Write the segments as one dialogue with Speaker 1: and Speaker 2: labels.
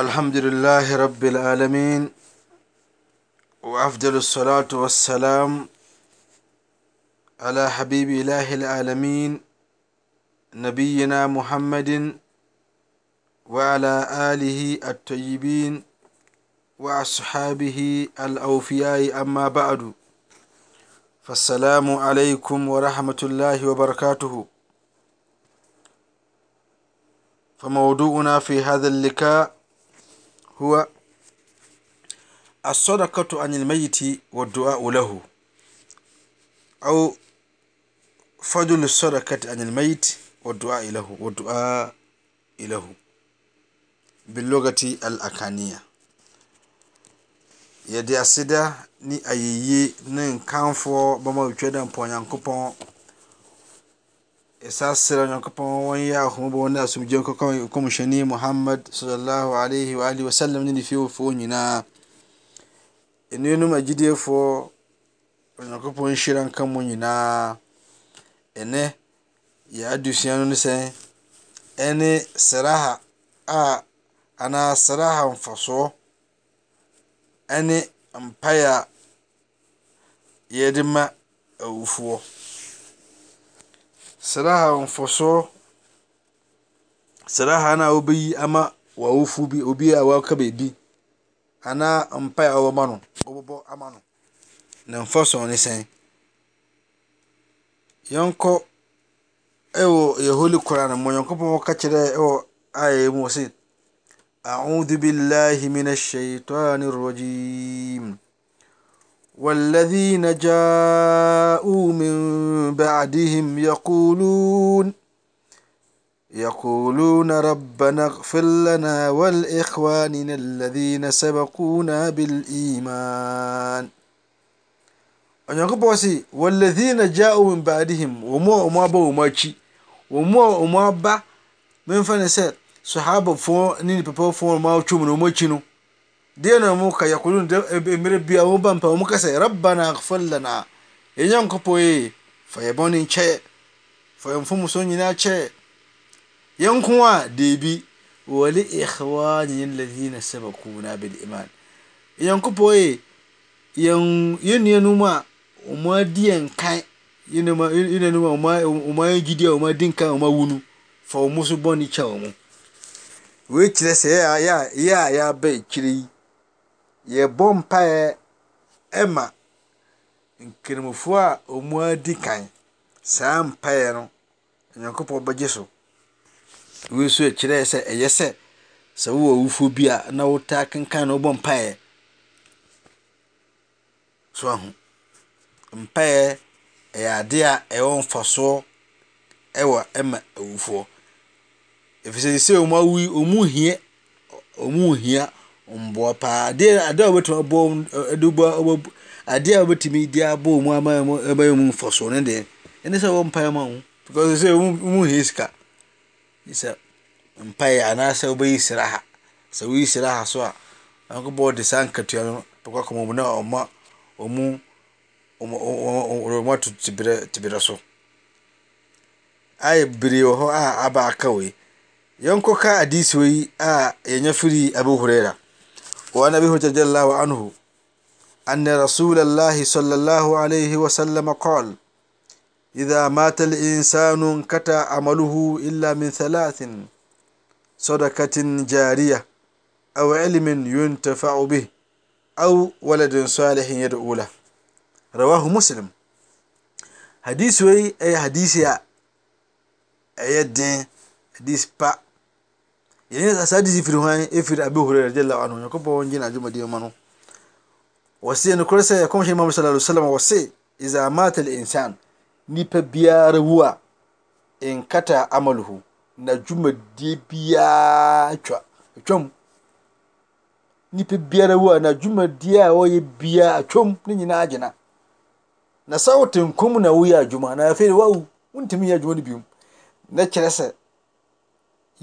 Speaker 1: الحمد لله رب العالمين وأفضل الصلاة والسلام على حبيب إله العالمين نبينا محمد وعلى آله الطيبين وأصحابه الأوفياء أما بعد فالسلام عليكم ورحمة الله وبركاته فموضوعنا في هذا اللقاء huwa asɔdaka ti aninma yeti wa du'a i la hu a wu fadule sɔdaka ti aninuma yeti wa duala h wa du'a i la hu bi luga ti al akania ye de'asida ni ayeye nin kan fuu bama wtwam dan pua nyaŋɛ kɔ paa yɛsaserɛ onyankopɔn wɔnyɛ ahom bo wɔ ne asomgyaɔkɔmhane muhamad sallah alh wal wasalam ne ne fi wɔfoɔ nyinaa ɛnonom agyidiefoɔ ɔnyankopɔn nhyira nka mɔ nyinaa nnɛ ya adusua no ne sɛ ɛne srahaanaa sraha mfasoɔ ɛne mpaya yɛde ma awufoɔ sraha mfɔsoɔ sreha na wobɛyi ama wwof wkabebi anaa mpawɔman wɔbɔaman ne mfa sɔne sen yɔnkɔ ɛwɔ yɛholi kuran mɔ nyankopɔn ɔka kyerɛ ɛwɔ ayɛmu se audhu billah min asaitan ragim والذين جاءوا من بعدهم يقولون يقولون ربنا اغفر لنا والإخواننا الذين سبقونا بالإيمان أنك بوسي والذين جاءوا من بعدهم وما وما بو وما شيء وما وما با من فنسات صحابة فو نين بحوف فو ما وشوم وما شنو mu ka yakulun emir biya wo ban mu muka sai rabbana ighfir lana yan ku poye fa yaboni che fa fu muso nyina che yankuwa debi wali ikhwani alladhina sabaquna bil iman yan ku poye yan yenu numa umma diyan kan yinu ma yin numa umma umma gidiya umma kai umma wunu fa musu boni che mu wechi kyerɛ sɛ ya ya ya a yɛ yɛbɔ mpaeɛ ma nkeremfoɔ a ɔmu adi kan saa mpaeɛ no nyankopɔn bɔgye so wiso kyerɛɛ sɛ ɛyɛ sɛ sɛ wowɔ wufoɔ bia na wotaa kenkan no wobɔ mpaeɛ so ahu mpaeɛ yɛ adeɛa ɛɔmfasoɔ wɔ ma awufoɔ ɛfiisɛi sɛ ɔmawyi ɔmu hi ɔmu hia ɛ esanabɛ soe akaka sɛ a وعن أبي رضي الله عنه أن رسول الله صلى الله عليه وسلم قال إذا مات الإنسان انقطع عمله إلا من ثلاث صدقة جارية أو علم ينتفع به أو ولد صالح يدعو له رواه مسلم حديث أي حديث يا أي دين حديث با yɛne saa adisi firi hwan firi abi huraira radiallahu anhu nyankopɔn gye no adwumadeɛ ma no wɔse nokorɛ sɛ kɔmhyɛ imam sala salam wɔse iza mata linsan nipa biara wu a nkata amaluhu na dwumadie biara atwa atwam nipa biara wu a na dwumadie a wɔyɛ biara atwam ne nyinaa gyina na sɛ wote nkom na woyɛ adwuma na afei wawu wontumi yɛ adwuma no biom na kyerɛ sɛ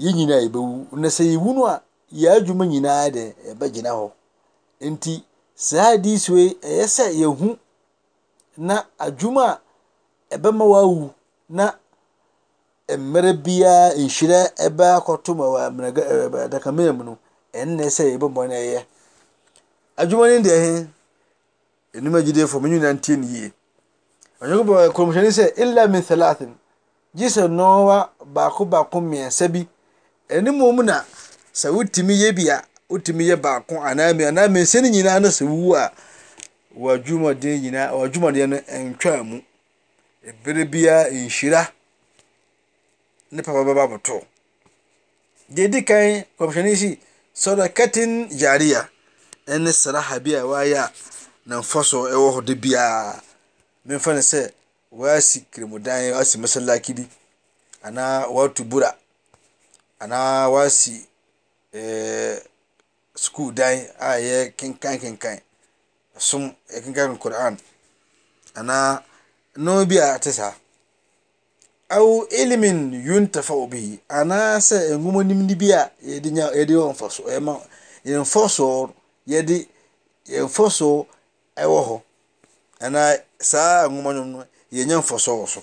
Speaker 1: iaa ɛ u a ma ɛma eh, a m ɛɛ la mi aa isɛ na bakoako misai ɛnimmuna sɛ wotumi yɛbia woumeyɛ baako namesen nyinansɛ w a dwumadeɛno ntwaamu brbia nhira ne papabababotɔ dedi ka khwɛne si sotha catin jaria ne sraha bia wayɛ nemfaso ɛwɔ hode biaa mefne sɛ wasi kermudasi meslakebi ana watbra ana wasi eh, scol da ayɛ kenkan keka som keka qran ana noɛ bia tɛsa aw ilimen yonta fao bɩhi anasɛ ɛŋoma nimni bia yɛdeɔɔɔɛfɔ sɔ ɛwɔfɔ ana saa aŋma yɛ nyafɔ sɔɔ sɔa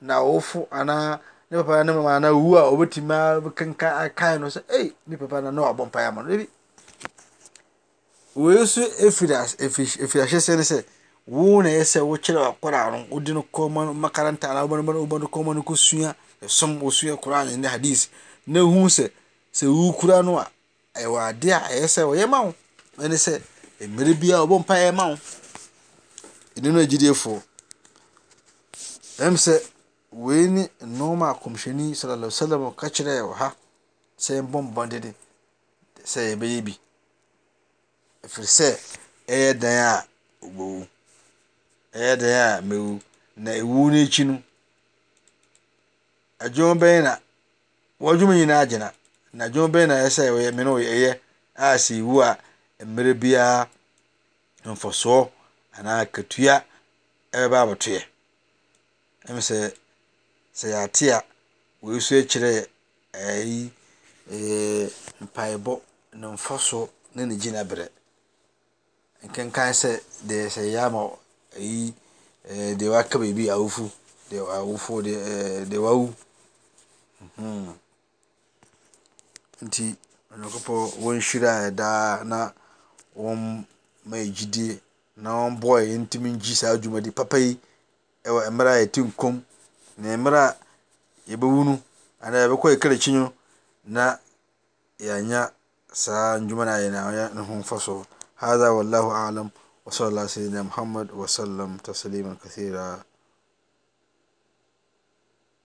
Speaker 1: na ofu anaa ne papa ne mama anaa owu a ɔbɛtumi akenka akan no sɛ ei ne papa na na wabɔ mpaeɛ ama no ebi wei nso efiri efiri ahyɛsɛ ne sɛ wo na ɛyɛ sɛ wokyerɛ no kɔma no makaranta anaa wobɔ no wobɔ no kɔma no kosua ɛsom wosua koraa ne ne hadis na ehu sɛ sɛ wu kura no a ɛwɔ ade a ɛyɛ sɛ ɔyɛ ma wo ɛne sɛ mmerɛ ɔbɔ ma wo no agyidiefoɔ ɛm sɛ weine noma komhɛni sal alsalam ka kyerɛ ɔ ha sɛ bɔnbɔndede sɛ yɛbɛyɛ bi firi sɛ ɛyɛ den a bɛw yɛ dn amɛwu na ɛwu no kyino adwubɛina wɔdwum nyina agyina na adwubɛinasɛmen yɛyɛ asɛwu a merɛ biaa mfosoɔ anaa katua ɛba bɔtoyɛ msɛ sɛyɛtea wei so akyirɛ eh, i eh, mpaibɔ ne mfa so ne ne gyina berɛ nkenkan sɛ deɛ sɛyɛma eh, deɛ waaka bebi awof deɛ wawu hmm. nti ɔnyakpɔ wɔhwira aɛdaa na wɔ ma ɛgyidie na ɔboɔ ɛntimi gyi saa dwuma de papa yi mmera ɛti nkom na mmerɛ a yɛbɛwu no anaa yɛbɛkɔ yɛn kra akyi no na yɛanya saa ndwuma no a yɛn ayɛ ne ho mfasoɔ هذا والله أعلم وصلى الله سيدنا محمد وسلم تسليما كثيرا